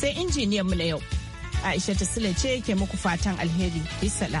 sai injiniyan mu na yau. Aisha sule ce ke muku fatan alheri. Bisala.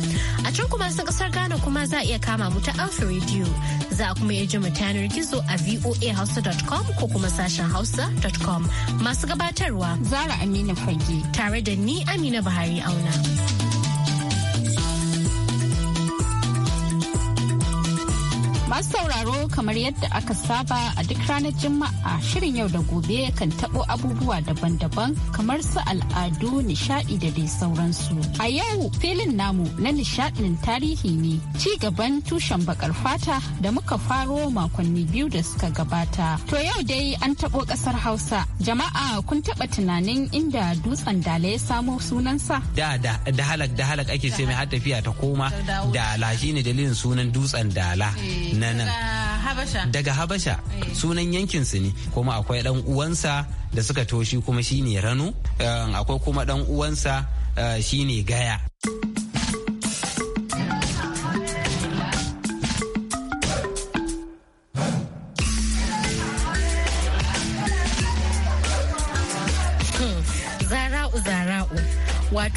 A can kuma sun kasar Ghana kuma za a iya kama mu ta Alpha Radio. Za a kuma iya ji mu ta yanar gizo a voahausa.com ko kuma sashen hausa.com. Masu gabatarwa Zara Amina Fage tare da ni Amina Buhari Auna. Masu sauraro kamar yadda aka saba a duk ranar Juma'a shirin yau da gobe kan tabo abubuwa daban-daban kamar su al'adu, nishadi da dai sauransu. A yau filin namu na nishadin tarihi ne ci gaban tushen bakar fata da muka faro makonni biyu da suka gabata. To yau dai an tabo kasar Hausa. Jama'a kun taba tunanin inda dutsen dala ya samo sunansa? Da da da halak da halak ake ce mai har tafiya ta koma dala shine dalilin sunan dutsen dala. Eh. na nan daga habasha eh. sunan yankin su ne kuma akwai dan uwansa da suka toshi kuma shine rano eh, akwai kuma dan uwansa eh, shine gaya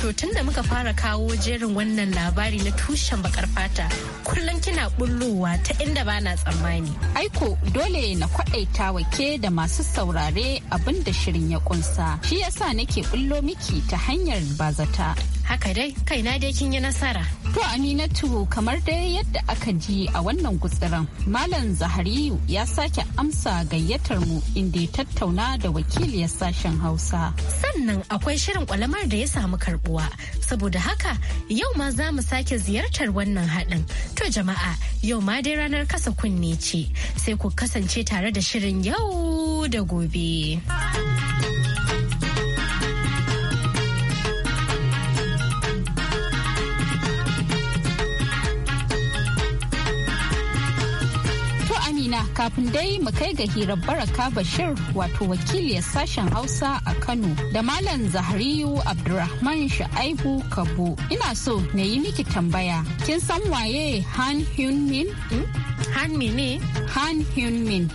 To tun da muka fara kawo jerin wannan labari na tushen bakar fata kullum kina bullowa ta inda ba na tsammani. Aiko dole na kwaɗaita ke da masu saurare abin da shirin ya kunsa. Shi yasa nake bullo miki ta hanyar bazata. haka dai kaina dai kin yi nasara. To Aminatu kamar dai yadda aka ji a wannan gutsiran Malam Zahariyu ya sake amsa gayyatar mu inda ya tattauna da wakiliyar sashen Hausa. Sannan akwai shirin kwalamar da ya samu karbuwa saboda haka yau ma za mu sake ziyartar wannan haɗin. To jama'a yau ma dai ranar kasa kunne ce sai ku kasance tare da shirin yau da gobe. Amina kafin dai mu kai ga hirar baraka Bashir wato wakiliyar sashen Hausa a Kano da Malam Zahariyu Abdulrahman Sha'aibu Kabo. Ina so na yi miki tambaya. Kin san waye Han Hyun Min? Hmm? Han Min ne? Han Hyun Min.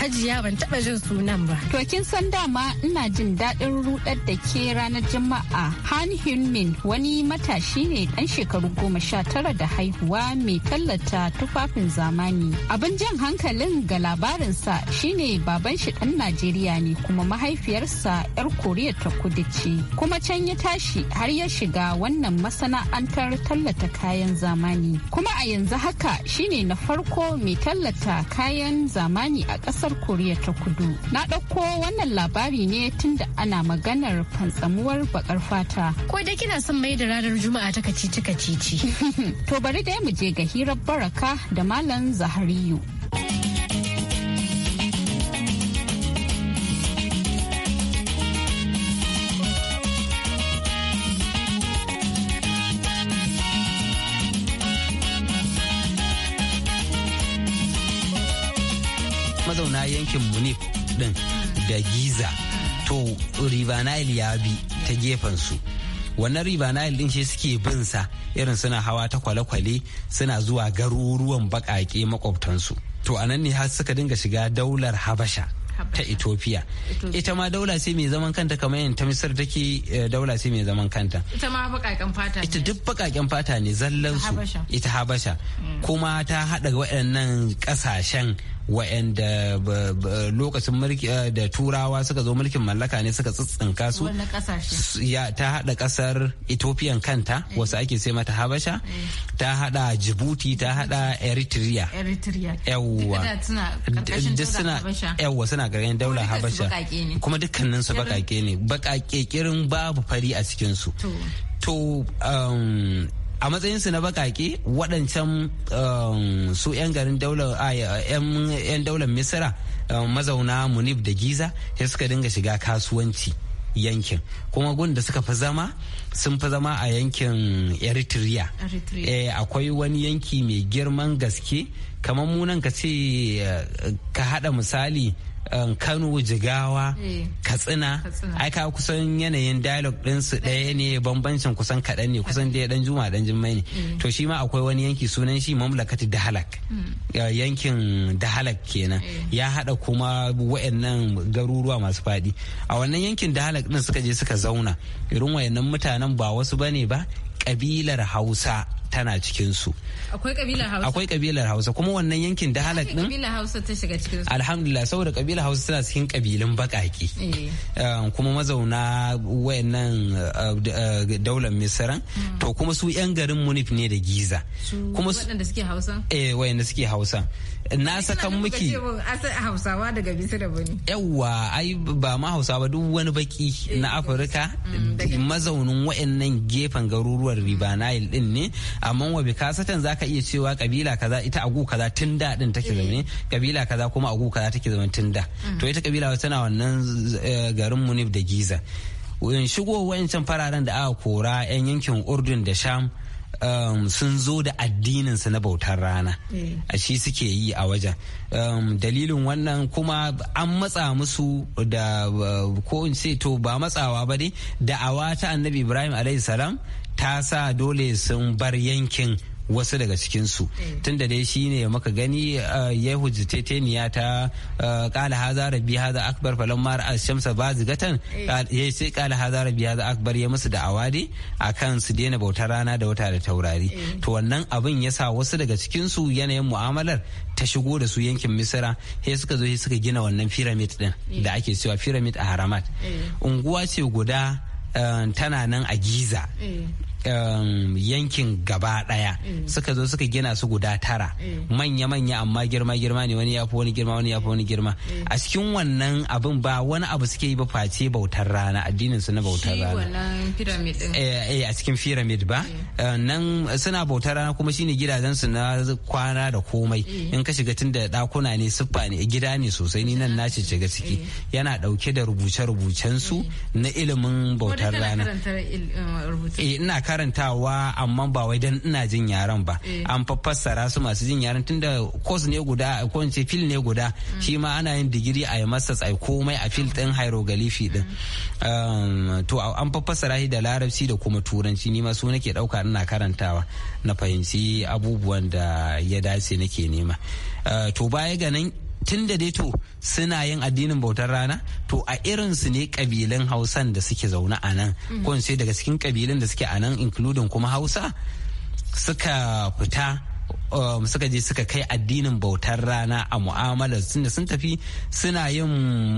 hajiya ban taba jin sunan ba. To kin san dama ina jin daɗin rudar da ke ranar Juma'a. Han Hyunmin wani matashi ne ɗan shekaru goma sha tara da haihuwa mai tallata tufafin zamani. Abin jan hankalin ga labarinsa shine baban shi ɗan Najeriya ne kuma mahaifiyarsa 'yar Koriya ta kudu ce. Kuma can ya tashi har ya shiga wannan masana'antar tallata kayan zamani. Kuma a yanzu haka shine na farko mai tallata kayan zamani a ƙasar kasar koriya ta kudu na ɗauko wannan labari ne tun da ana maganar fantsamuwar bakar fata ko dai kina son mai da ranar juma'a ta kacici kacici to bari dai mu je ga hirar baraka da malam zahariyu din da giza to river nile ya bi ta gefen su wannan river nile din shi suke bin sa irin suna hawa ta kwale-kwale suna zuwa garuruwan bakake makwabtansu to anan ne har suka dinga shiga daular habasha ta Ethiopia. Ita ma daula sai mai zaman kanta kamar yin ta Misir take eh, daula sai mai zaman kanta. Ita ma bakaken fata ne. Ita duk bakaken fata ne zallansu Ita Habasha. Mm. Kuma ta haɗa waɗannan ƙasashen wa'anda lokacin mulki eh, da turawa suka zo mulkin mallaka ne suka tsitsinka su ta hada kasar ethiopian kanta eh. wasu ake sai mata habasha eh. ta hada djibouti ta hada eritrea yawwa yawwa suna garin daular habasha kuma dukkanin su bakake ne kirin babu fari a cikinsu to um, a matsayinsu na bakake waɗancan um, su 'yan garin daular 'yan daular misira um, mazauna munib da giza ya suka dinga shiga kasuwanci yankin kuma gun da suka fi zama sun fi zama a yankin eritrea eh, akwai wani yanki mai girman gaske kamar munan ka ce eh, ka haɗa misali Um, kano jigawa eh. katsina ai ka kusan yanayin dialog ɗinsu ɗaya ne bambancin kusan kaɗan ne kusan ɗaya ɗan juma ɗan jimmai ne eh. to shi ma akwai wani yanki sunan shi mamlakati dahalak hmm. yankin dahalak kenan eh. ya haɗa kuma wa'annan garuruwa masu faɗi a wannan yankin dahalak ɗin suka je suka zauna irin wa'annan mutanen ba wasu bane ba kabilar hausa tana cikinsu akwai kabilar hausa akwai kabilar hausa kuma wannan yankin da halak din kabilar hausa ta shiga cikin alhamdulillah saboda kabilar hausa tana cikin kabilun bakaki eh. eh, kuma mazauna wayannan eh, daular misran hmm. to kuma su yan garin munif ne da giza kuma su waɗanda suke hausa eh wayanda suke hausa na sakan miki hausawa daga bane yawa ai ba ma hausawa duk wani baki eh, na afirka mm, eh, mazaunin wayannan gefen garuruwar riba nile din ne amma wa bi kasatan zaka iya cewa kabila kaza ita agu kaza tun da din take zaune eh. kabila kaza kuma agu kaza take zaune tun da mm. to ita kabila tana wannan garin munif da giza shigo wayancan fararen da aka kora yan yankin urdun da sham um, sun zo da addininsu na bautar rana mm. a shi suke yi a wajen um, dalilin wannan kuma an matsa musu da uh, ko in ce to ba matsawa ba dai awa ta annabi ibrahim salam ta sa dole sun bar yankin wasu daga cikinsu tunda dai shi ne maka gani ya hujjateteniya ta kala hazara bi haza akbar falon mara shamsa ba zigatan eh. ya sai kala hazara bi haza akbar ya musu da awadi a kan su daina bautar rana da wata da taurari eh. to wannan abin ya sa wasu daga cikinsu yanayin mu'amalar ta shigo da su yankin misira sai suka zo sai suka gina wannan pyramid din eh. da ake cewa pyramid a haramat unguwa ce guda tana nan a giza Um, yankin gaba daya mm. suka zo suka gina su guda tara manya-manya mm. amma girma-girma ne wani ya fi wani girma wani ya fi wani girma mm. a cikin wannan abin ba wani abu suke yi ba face bautar rana addinin su na bautar rana eh, eh, a cikin pyramid ba eh, nan suna bautar rana kuma shine gidajen su na kwana da komai in ka shiga tun da dakuna ne siffa ne gida ne sosai ni nan na shiga ciki yana dauke da rubuce-rubucen su na ilimin bautar rana ina karantawa amma ba wai dan ina jin yaran ba eh. an fassara su masu jin yaran tunda course ne guda ko ce fil ne guda mm. shi ma ana yin digiri a masters a komai a fil din hieroglyphy din um, to an fassara shi da larabci da kuma turanci ni ma su nake dauka ina karantawa na fahimci abubuwan da ya dace nake nema uh, to baya ga nan tun da dai to suna yin addinin bautar rana to a irin su ne kabilan hausan da suke zaune a nan ko sai daga cikin kabilan da suke a nan including kuma hausa suka fita Um, suka je suka kai addinin bautar rana a mu'amalar sun sun tafi suna yin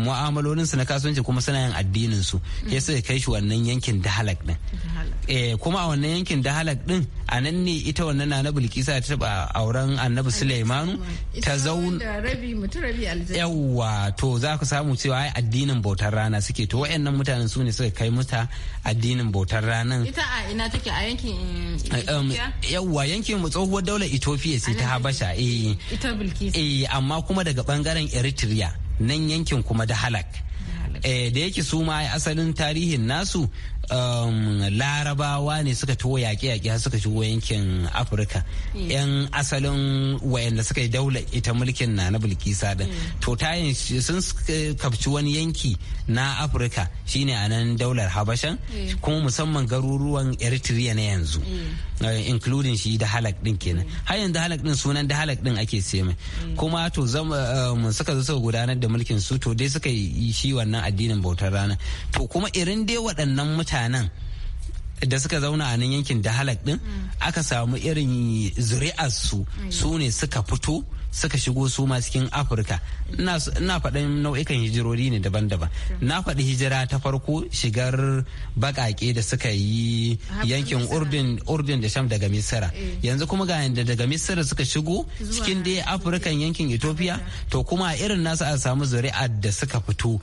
mu'amalolin su na kasuwanci kuma suna yin addinin su ya suka kai shi wannan yankin dahalak din eh kuma a wannan yankin dahalak din a nan ne ita wannan na bilkisa ta taba auren annabi sulaimanu ta zaun rabi mutu rabi yawwa to za ku samu cewa ai addinin bautar rana suke to wayannan mutanen su ne suka kai muta addinin bautar ranan ita a ina take a yankin um, yawwa yankin tsohuwar daular ethiopia ethiopia sai ta habasha eh eh amma kuma daga bangaren eritrea nan yankin kuma da halak da eh, yake su ma asalin tarihin nasu Um, larabawa ne suka tuwo yaƙe-yaƙe har suka shigo yankin afirka yan asalin wayanda suka yi daula ita mulkin na na bilkisa din mm. to tayin sun eh, kafci wani yanki na afirka shine a nan daular habashan kuma musamman garuruwan eritrea na yanzu eh, including shi da halak din kenan mm. har yanzu halak din sunan da halak din ake ce mai mm. kuma to zama um, suka zo suka gudanar da mulkin su to dai suka yi shi wannan addinin bautar rana to kuma irin dai waɗannan mutane mutanen da suka zauna a nan yankin da halak din mm. aka samu irin zuri'arsu su ne suka fito suka shigo su ma cikin afirka na faɗin nau'ikan hijirori ne daban-daban na faɗi hijira ta farko shigar baƙaƙe da suka yi yankin urdun da sham daga misira eh. yanzu kuma ga yadda daga misira suka shigo cikin dai afirkan yankin ethiopia to kuma irin nasu a samu zuri'ar da suka fito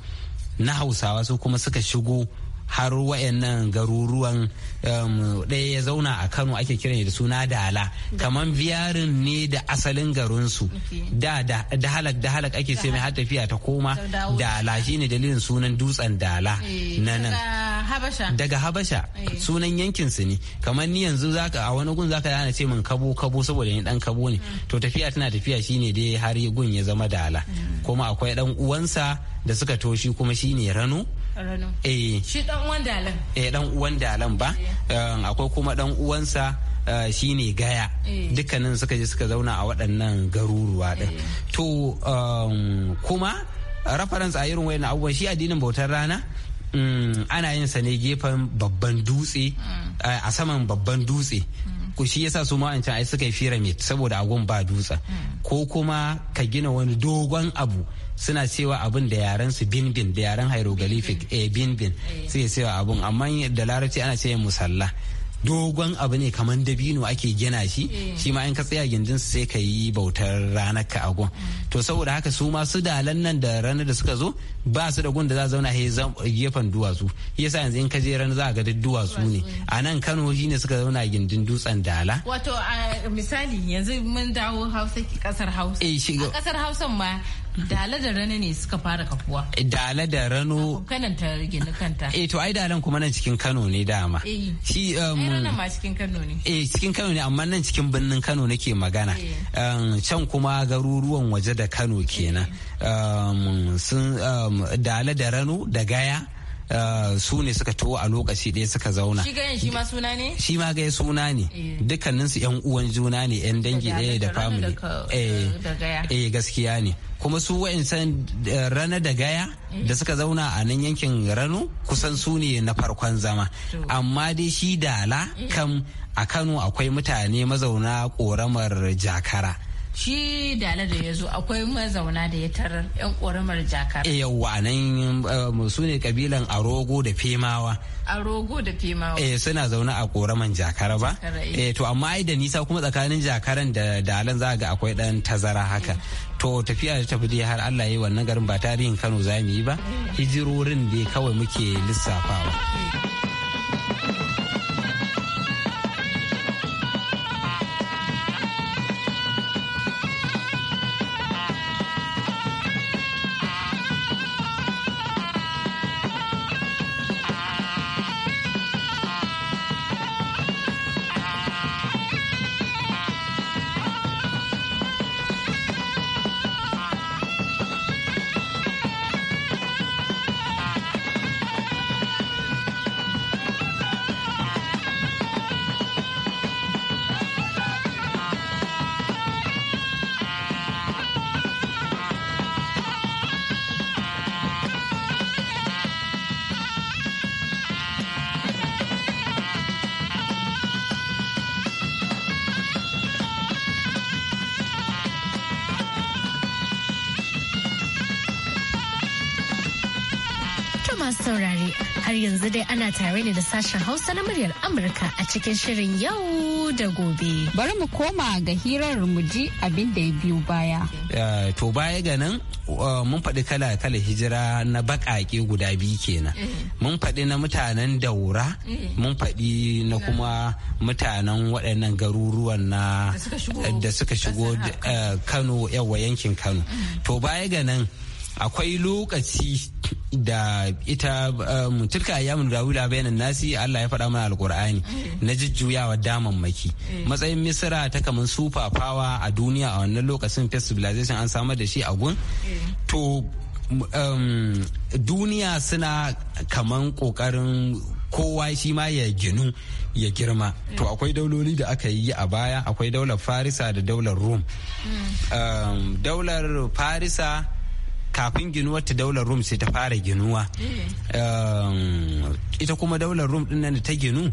na hausawa su kuma suka shigo har wayannan garuruwan um, ɗaya ya zauna a kano ake kiran da suna dala kamar biyarin ne da asalin garinsu da da halak da halak ake sai mai tafiya ta koma dala shine dalilin sunan dutsen dala eh, na nan daga habasha eh. sunan yankin su ne kamar ni yanzu a wani gun zaka yana ce min kabo kabo saboda ni dan kabo ne hmm. to tafiya tana tafiya shine dai har gun ya zama dala hmm. kuma akwai dan uwansa da suka toshi kuma shine rano eh shi dan uwan dalan eh dan uwan dalan ba eh. Eh, akwai kuma dan uwansa eh, shi ne gaya dukkanin suka je suka zauna a waɗannan garuruwa ɗin to um, kuma reference a irin wayan abubuwan shi addinin bautar rana mm, ana yin sa ne gefen babban dutse mm. a saman babban dutse mm. ku shi yasa su ma'ancan ai suka yi pyramid saboda agun ba dutse ko kuma ka gina wani dogon abu suna cewa abin da yaren su bin da yaren hieroglyphic a eh, bin bin eh. sai cewa abin amma da larabci ana cewa musalla dogon abu ne kamar dabino ake gina shi eh. shi ma in ka tsaya gindin sai ka yi bautar ranar ka agon to saboda haka su ma su dalan nan da ranar da suka zo ba su da gun da za a zauna a gefen duwatsu yasa yanzu in ka je ranar za ga duwatsu ne a nan Kano shi ne suka zauna gindin dutsen dala wato a misali yanzu mun dawo Hausa ki kasar Hausa a kasar Hausa ma Dala da rano ne suka fara kafuwa. Dala da rano. Kanan ta gina kanta. Eh to ai dalan kuma nan cikin Kano ne dama. Eh. Shi um Ai ma cikin Kano ne. Eh cikin Kano ne amma nan cikin birnin Kano nake magana. Eh. Um can kuma garuruwan waje da Kano kenan. Eh. Um sun um Dala da rano da Gaya. Eh, su ne suka tuwo a lokaci ɗaya suka zauna shi gayan shi ma suna ne shi ma gayen suna ne eh. dukkanin su yan uwan juna ne yan dangi ɗaya da family eh. eh gaskiya ne kuma su wa'insan rana da gaya da suka zauna a nan yankin rano kusan su ne na farkon zama amma dai shi dala kam a kano akwai mutane mazauna ƙoramar jakara shi da da ya zo akwai mazauna da ya tarar yan ƙoramar jakar eh, yawwa nan um, su ne kabilan arogo da femawa arogo da femawa e suna zaune a ƙoramar jakara ba e to amma ai da nisa kuma tsakanin jakaran da dalan za ga akwai dan tazara haka to tafiya ta tafi har Allah ya yi wannan garin ba tarihin Kano za mu yi ba hijirorin dai kawai muke lissafawa yanzu dai ana tare ne da sashen Hausa na muryar Amurka a cikin shirin yau da gobe. Bari mu koma ga hirar mu ji abin da ya biyo baya. To baya ga nan uh, mun faɗi kala kala hijira na baƙaƙe guda biyu kenan. Eh. Mun faɗi na mutanen daura, eh. mun faɗi na kuma mutanen waɗannan garuruwan na da suka shigo eh, Kano yankin Kano. Mm. To baya ga nan akwai lokaci da ita um, ya mun gawula bayanan nasi Allah ya faɗa mana alkur'ani na jujjuyawa damammaki eh. matsayin misira ta kamar super power a duniya a wannan lokacin civilization an samar da shi a gun eh. to um, duniya suna kaman kokarin kowa shi ma ya ginu ya girma eh. to akwai dauloli da aka yi a baya akwai daular farisa da daular rum hmm. um, daular farisa kafin ginuwar ta daular rum sai ta fara ginuwa eh, ita kuma daular rum din nan ta ginu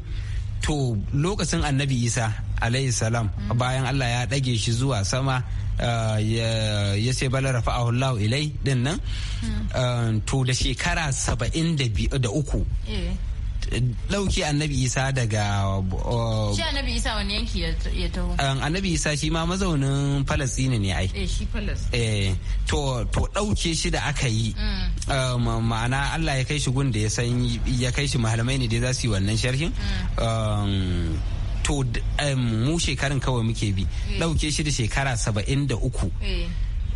to lokacin annabi isa alayhi salam bayan allah ya ɗage shi zuwa sama eh, ya ce bala rafa ilai din hmm. eh, to da shekara saba'in da uku ɗauki annabi isa daga uh, shi annabi isa wani yanki ya taho um, annabi isa shi ma mazaunin falasini ne ai eh, eh, to ɗauke shi da aka yi mm. um, ma'ana allah ya kai shi gun da ya san ya kai shi malamai ne da za su yi wannan sharhin mm. um, to mu shekarun kawai muke bi eh. ɗauke shi da shekara saba'in da uku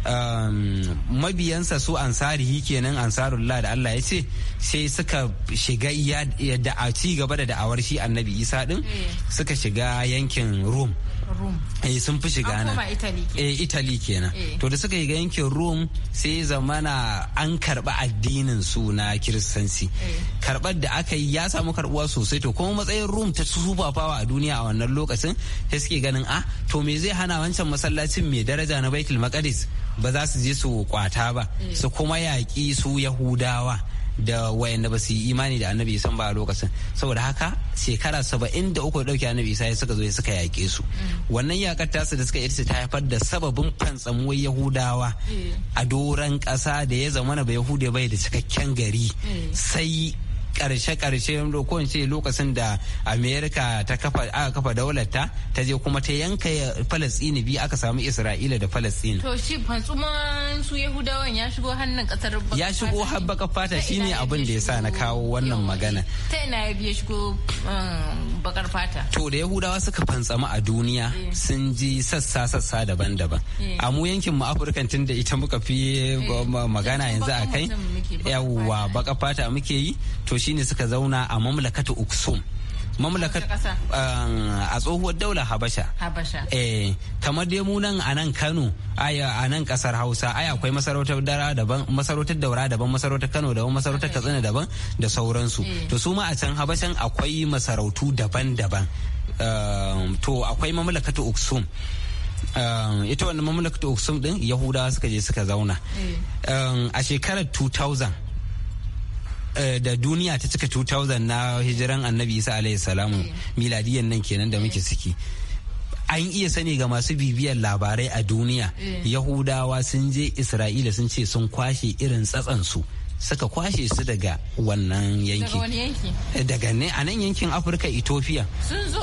Um, mabiyansa su ansarihi kenan ansarullah da Allah ya ce sai suka shiga ya da ci gaba da da'awar shi annabi isa din eh. suka shiga yankin rum Rome. Eh sun fi shiga nan. Eh, Italy kenan. Eh Italy kenan. To da suka shiga yankin Rome sai zamana an karba addinin su na Kiristanci. Eh. Karbar da aka yi ya samu karbuwa sosai to kuma matsayin Rome ta super a duniya a wannan lokacin sai suke ganin ah to me zai hana wancan masallacin mai daraja na Baitul Maqdis ba za su je su kwata ba eh. su kuma yaƙi su Yahudawa. da wayanda ba su yi imani da annabi san ba a lokacin saboda haka shekara saba'in da uku da annabi isa suka zo suka yaƙe su mm. wannan yaƙar tasu da suka yi ta haifar da sababin fantsamuwar yahudawa mm. a doron ƙasa da ya zamana ba yahude bai da cikakken gari mm. sai karshe-karshe ko in ce lokacin da amerika ta kafa aka kafa daularta ta je kuma ta yanka falastini bi aka samu isra'ila da falastini to shi fantsuman su yahudawan ya shigo hannun kasar ya shigo har baka fata shine abin da ya sa na kawo wannan magana ta ina ya biya shigo um, bakar fata to da yahudawa suka fantsama a duniya eh. sun ji sassa sassa daban-daban eh. a mu yankin mu afirka tun da ita muka fi eh. magana yanzu a kai yawwa baka fata muke yi to shi shine suka zauna a mamlakatu uksum mamlakat um, a tsohuwar daular habasha eh kamar dai mu nan a nan kano a nan kasar hausa ai akwai masarautar dara daban masarautar daura daban masarautar kano daban masarautar katsina daban da sauransu eh. to su ma a can habashan akwai masarautu daban-daban um, to akwai mamlakatu uksum um, ita wannan mamlakatu uksum din yahudawa suka je suka zauna eh. a shekarar 2000 Eh, da duniya ta cika 2000 na hijiran annabi isa alayhi salamu eh. miladiyan nan kenan da muke eh. ciki an iya sani ga masu bibiyar labarai a duniya yahudawa sun je isra'ila sun ce sun kwashe irin tsatsansu su suka kwashe su daga wannan yanki eh, daga ne a nan yankin afirka ethiopia sun zo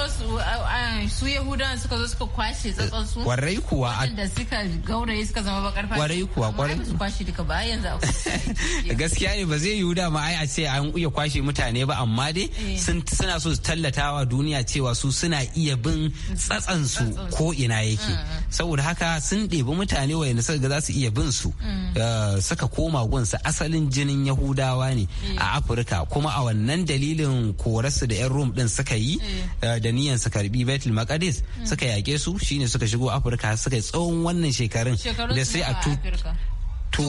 su yahudawan suka zo suka kwashe tsatsansu kwarai kuwa da suka gauraye suka zama bakar fashi kwarai kuwa kwarai su kwashe duka ba yanzu gaskiya ne ba zai yi da ma ai a ce an iya kwashe mutane ba amma dai eh. suna so su tallata wa duniya cewa su suna iya bin tsatsansu ko ina yake mm, mm. saboda haka sun ɗebi mutane wayanda suka ga za su iya bin su mm. eh, suka koma gunsa asalin jin jinin yahudawa ne mm. a afirka kuma a wannan dalilin korarsu da 'yan rum din suka yi mm. eh, da niyan su karbi betul maqadis mm. suka yake su shine suka shigo afirka suka yi tsawon wannan shekarun da sai a to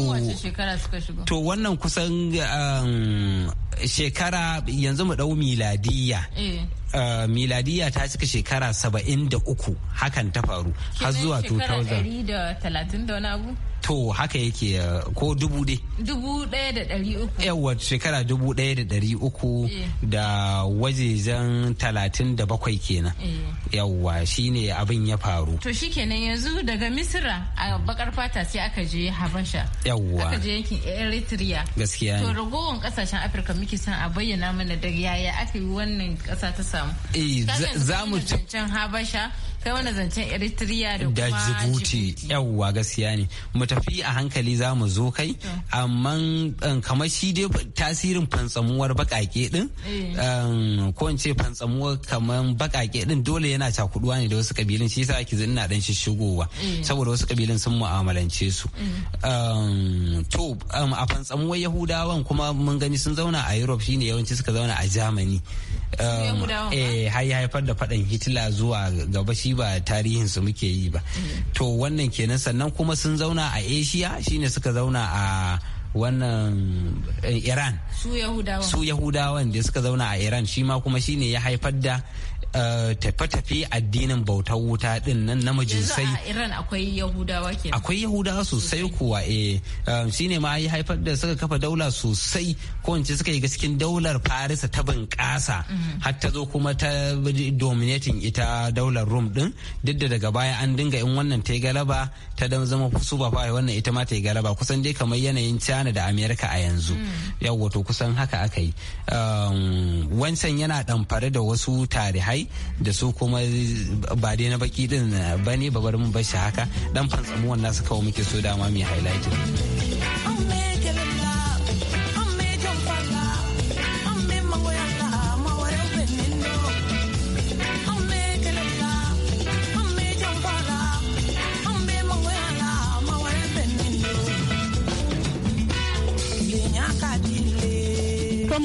wannan kusan um, shekara yanzu mu dau miladiya Uh, miladiya ta cika shekara saba'in da uku hakan ta faru har zuwa 2000 da da wani abu to haka yake uh, ko dubu dai dubu ɗaya da ɗari uku Yawwa shekara dubu ɗaya da ɗari uku eh. da wajejen talatin da bakwai kenan eh. Yawwa shi ne abin ya faru to shikenan yanzu daga misira a bakar fata sai aka je habasha Yawwa. aka je yankin eritrea gaskiya to ragowar kasashen afirka muke son a bayyana mana da yaya aka yi wannan kasa ta samu eh za mu habasha kai wani zancen eritrea da kuma jibuti yawwa gaskiya ne mu tafi a hankali za mu zo kai amma um, kamar shi dai tasirin fantsamuwar bakake din eh. um, ko in ce fantsamuwar kamar bakake din dole yana cakuduwa ne da wasu kabilun shi yasa ake na dan shigowa eh. saboda wasu kabilun sun mu'amalance su mm. um, to a fantsamuwar yahudawan kuma mun gani sun zauna a europe shine yawanci suka zauna a germany eh har haifar da faɗan hitler zuwa gaba shi ba tarihin su muke yi ba to wannan kenan sannan kuma sun zauna a asia shine suka zauna a wannan eh, iran su yahudawan da suka zauna a iran shi ma kuma shine ya haifar da Eh, tafe-tafe addinin bautar wuta din nan na majinsai Iran akwai Yahudawa ke akwai sosai kuwa eh, eh shine ma yi haifar da suka kafa daula sosai ko in suka yi gaskin daular Farisa ta bunƙasa mm-hmm. har ta zo kuma ta dominating ita daular Rum din duk da daga baya an dinga in wannan ta yi galaba ta dan zama ba fa wannan ita ma ta yi galaba kusan dai kamar yanayin China da America a yanzu mm. yawwa to kusan haka aka yi um, wancan yana ɗamfare da wasu tarihai yi da su kuma ba dai na baki din ba ne ba bari mun bar shi haka dan fantsamuwan nasu kawo muke so dama mai highlight.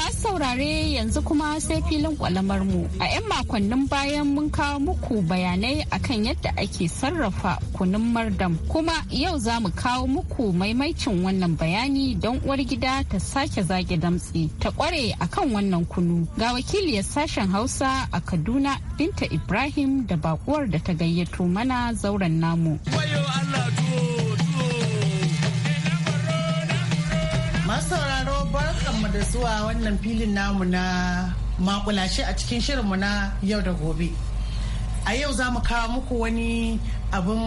masu saurare yanzu kuma sai filin kwalamar mu a 'yan makonnin bayan mun kawo muku bayanai akan yadda ake sarrafa kunun mardam kuma yau za mu kawo muku maimaicin wannan bayani don uwar gida ta sake zage damtse ta kware akan wannan kunu ga wakiliyar sashen hausa a kaduna binta ibrahim da bakuwar da ta gayyato mana zauren namu. da zuwa wannan filin namu na makulashe a cikin shirinmu na yau da gobe. A yau za mu kawo muku wani abin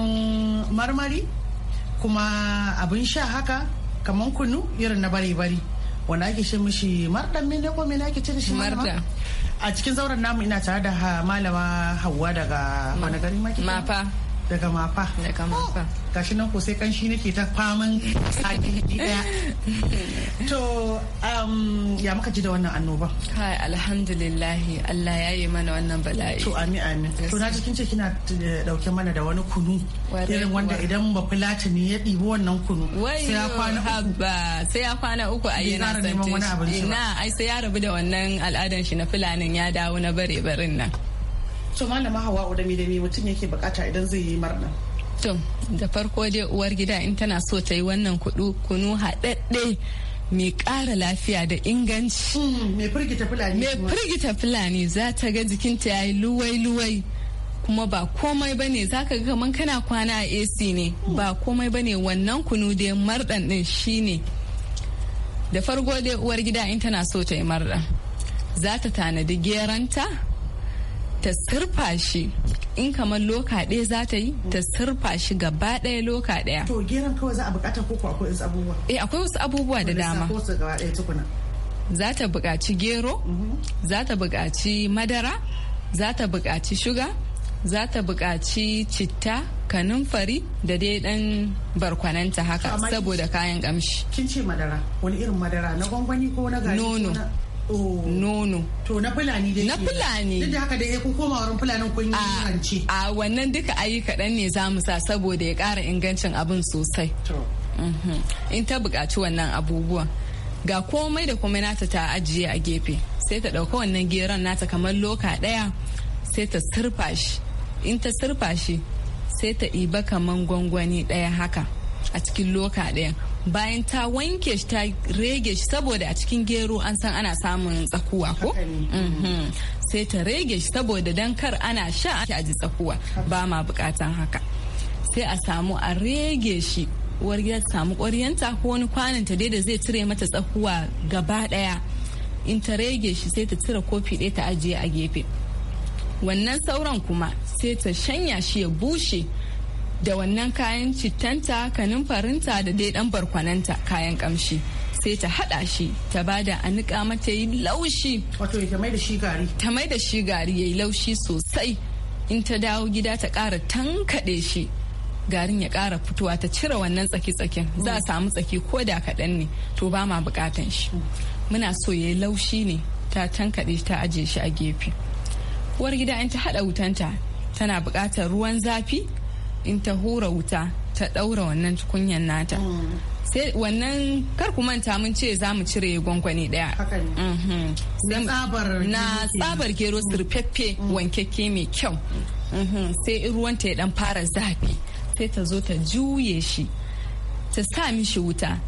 marmari kuma abin sha haka kamar kunu irin na bare-bare wani ake shi mishi mardan mene ko mene ake cin shi marda a cikin zauren namu ina tare da malama hawa daga wani gari mafa daga mafa daga mafa oh, gashi nan ko sai kanshi nake ta faman sake daya to um, ya muka ji da wannan annoba kai alhamdulillah Allah ya yi mana wannan bala'i to amin amin to na cikin ce kina eh, dauke mana da wani kunu irin wanda idan ba ne ya ɗibi wannan kunu sai ya kwana uku sai ya kwana uku a yana santin ina ai sai ya rabu da wannan al'adan shi na filanin ya dawo na bare barin nan to malama hawa da da me mutum yake bukata idan zai yi marna to da farko dai uwar gida in tana so ta yi wannan kudu kunu haɗaɗɗe mai ƙara lafiya da inganci. Mai mm, firgita fulani. Mai firgita fulani za ta ga jikinta ya yi luwai-luwai kuma ba komai ba ne za ka ga kana kwana a AC ne ba komai ba ne wannan kunu dai marɗan ɗin shi ne. Da farko dai uwar gida in tana so ta yi marɗan. Za ta tanadi geranta ta sirfa shi in kamar loka ɗaya za ta yi ta sirfa shi gaba ɗaya loka ɗaya. To geran kawai za a bukata ko akwai wasu abubuwa? Eh akwai wasu abubuwa da dama. Za ta buƙaci gero, mm-hmm. za ta buƙaci madara, za ta buƙaci shuga, za ta buƙaci citta, kanumfari da dai dan barkwananta haka saboda kayan kamshi. Kin ce madara, wani irin madara na gwangwani ko na gari? Nono. Oh. nono to na fulani dai na fulani duk da haka dai eh, kun koma wurin fulanin kun yi hanci. a wannan duka ayi kaɗan ne za mu sa saboda ya ƙara ingancin abin sosai mhm. in ta buƙaci wannan abubuwan ga komai da komai nata ta ajiye a gefe sai ta ɗauka wannan geron nata kamar loka ɗaya sai ta sirfa shi in ta sirfa shi sai ta iba kamar gwangwani ɗaya haka a cikin loka ɗaya bayan ta wanke shi ta rege shi saboda a cikin gero an san ana samun tsakuwa ko mhm. sai ta rege shi saboda dan kar ana sha a ji tsakuwa ba ma bukatan haka sai a samu a rege shi uwar ta samu ƙwaryanta ko wani kwanan ta da zai cire mata tsakuwa gaba ɗaya in ta rege shi sai ta cire kofi ɗaya ta ajiye a gefe wannan sauran kuma sai ta shanya shi ya bushe da wannan kayan cittanta kanumfarinta da dai dan barkwananta kayan kamshi sai ta hada shi ta bada a nika mata yi laushi wato ta mai da shi gari ta mai da shi gari yayi laushi sosai in ta dawo gida ta kara tankaɗe shi garin ya ƙara fitowa ta cire wannan tsaki-tsakin za a samu tsaki ko da kaɗan ne to ba ma bukatan shi muna so yayi laushi ne ta tankade ta aje shi a gefe uwar gida in ta hada wutanta tana bukatar ruwan zafi in ta hura wuta ta ɗaura wannan tukunyan nata sai wannan kar ku manta mun ce za mu cire gwangwani daya mhm. na tsabar gero surfeffe mm. wankekke mai kyau mhm. sai in ruwanta ya dan fara zafi sai ta zo ta juye shi ta sa mishi wuta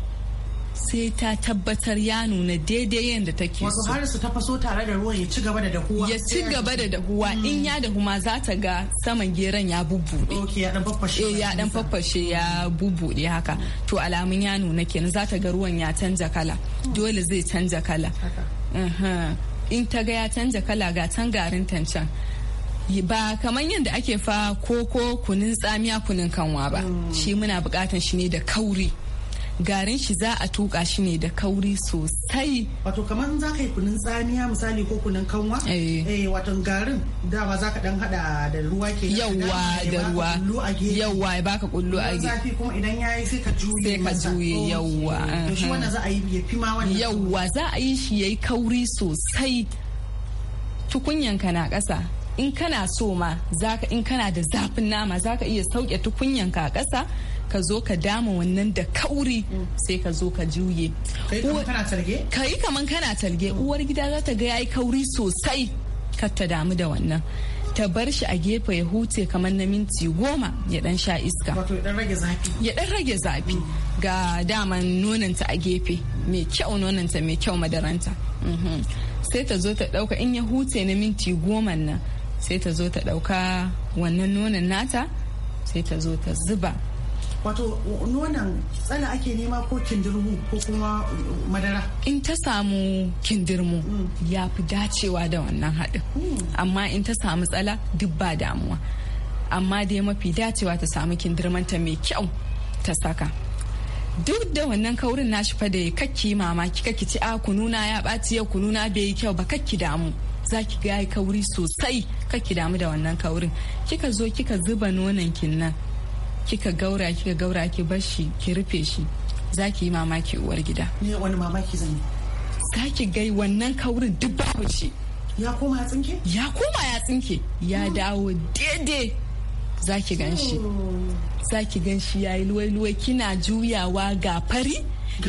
sai ta tabbatar ya nuna daidai yadda take so. Wato har ta faso tare da ruwan ya ci gaba da dahuwa. Ya ci gaba da dahuwa mm. in ya dahu ma za ta ga saman geron ya bubbuɗe. Ok ya dan faffashe. Eh, ya dan faffashe ya bubbuɗe haka. To alamun ya nuna kenan za ta ga ruwan ya canza kala. Dole zai canza kala. In ta ga ya canza kala ga can garin tancan. ba kamar yadda ake fa koko kunun tsamiya kunun kanwa ba mm. shi muna bukatan shi ne da kauri garin shi za a tuka shi ne da kauri sosai wato kamar za ka yi kunun tsamiya misali ko kunun kanwa eh, eh wato garin dama za ka dan hada da ruwa ke Yawwa da ruwa yawwa ya baka kullu a gefe zafi kuma idan yi sai ka juye sai ka juye yawwa. shi wannan za a yi ya fi ma wannan yawa za a yi shi yayi kauri sosai tukunyanka na ƙasa in kana so ma in kana da zafin nama zaka iya sauke tukunyanka a ƙasa ka zo ka dama wannan da kauri mm. sai ka zo ka juye ka yi kaman kana talge mm. uwar gida za ta ga yi kauri sosai kar ta damu da wannan ta bar shi a gefe ya huce kamar na minti goma ya dan sha iska ya dan rage zafi mm. ga daman nonanta a gefe mai kyau nonanta mai kyau madaranta mhm. sai ta zo ta dauka in ya huce na minti goma nan sai ta zo ta dauka wannan nonon nata sai ta zo ta zuba wato nonon tsala ake nema ko kindirmu ko kuma uh, madara in ta samu kindirmu mm. ya fi dacewa da wannan haɗin mm. amma in ta samu tsala duk ba damuwa amma dai mafi dacewa ta samu kindirmanta mai kyau ta saka duk da wannan kaurin nashi fa da kakki mamaki kakki ci a ah, kununa ya ɓaci yau kununa bai yi kyau ba kakki damu za ki ga kauri sosai kakki damu da wannan kaurin kika zo kika zuba nonon kin nan kika gaura kika gaura ki bar shi ki rufe shi za ki yi mamaki uwar gida ne wani mamaki zan yi za ki gai wannan kaurin duk babu shi ya koma ya tsinke ya koma ya tsinke ya hmm. dawo daidai za ki gan shi hmm. za ki gan shi ya yi luwai-luwai kina juyawa ga fari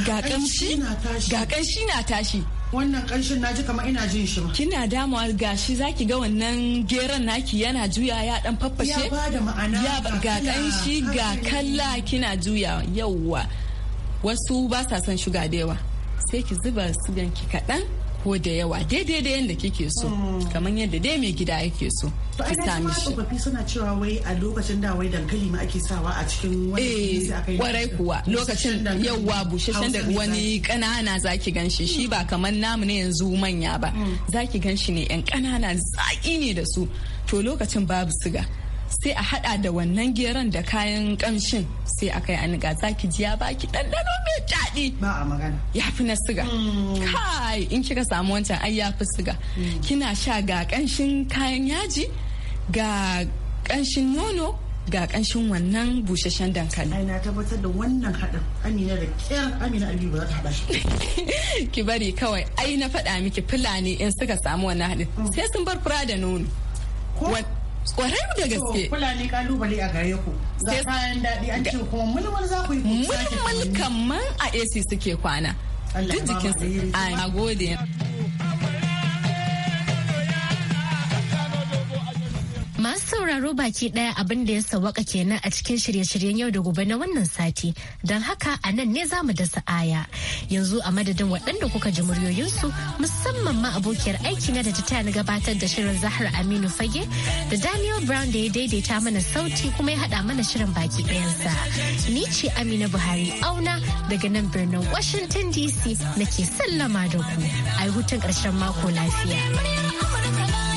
ga kanshi na tashi wannan kanshin naji kamar ina jin shi ma kina damuwa gashi zaki ga wannan geran naki yana juya ya dan faffashe ya bada ma'ana ya ga kanshi ga kalla kina juya yawwa wasu ba sa son shuga da yawa sai ki zuba sugan ki kaɗan ko da yawa daidai da yadda kike so kamar yadda dai mai gida yake so ki sa mishi tsofaffi suna cewa wai a lokacin da wai dankali ma ake sawa a cikin wani eh, kwarai kuwa lokacin yawa bushashen da wani kanana zaki ganshi shi ba kamar namu ne yanzu manya ba mm. zaki ganshi ne yan kanana zaki ne da su to lokacin babu siga sai a hada da wannan geron da kayan kamshin sai a kai a niga zaki ji ya baki ɗanɗano mai daɗi ba a magana ya fi na siga mm. kai in kika samu wancan ai ya fi siga mm. kina sha ga kanshin kayan yaji ga kanshin nono ga kanshin wannan busasshen dankali. Ai na tabbatar da wannan hadin Amina da kyar Amina Abi ba za ta hada shi. Ki bari kawai ai na faɗa miki Fulani in suka samu wannan hadin. Mm. sai sun bar fura da nono. kwarai da gaske fulani kalubale a gare ku ga kayan daɗi an ce kuma mulmul za ku yi mulmul kaman a AC suke kwana duk jikinsu a gode Masu sauraro baki ɗaya abin da ya sawaka kenan a cikin shirye-shiryen yau da gobe na wannan sati. Don haka a nan ne zamu da aya Yanzu a madadin waɗanda kuka ji muryoyinsu musamman ma abokiyar aiki na da ta na gabatar da shirin Zahar Aminu Fage da Daniel Brown da ya daidaita mana sauti kuma ya haɗa mana shirin baki ɗayansa. Ni ce Amina Buhari auna daga nan birnin Washington DC nake sallama da ku. A hutun ƙarshen mako lafiya.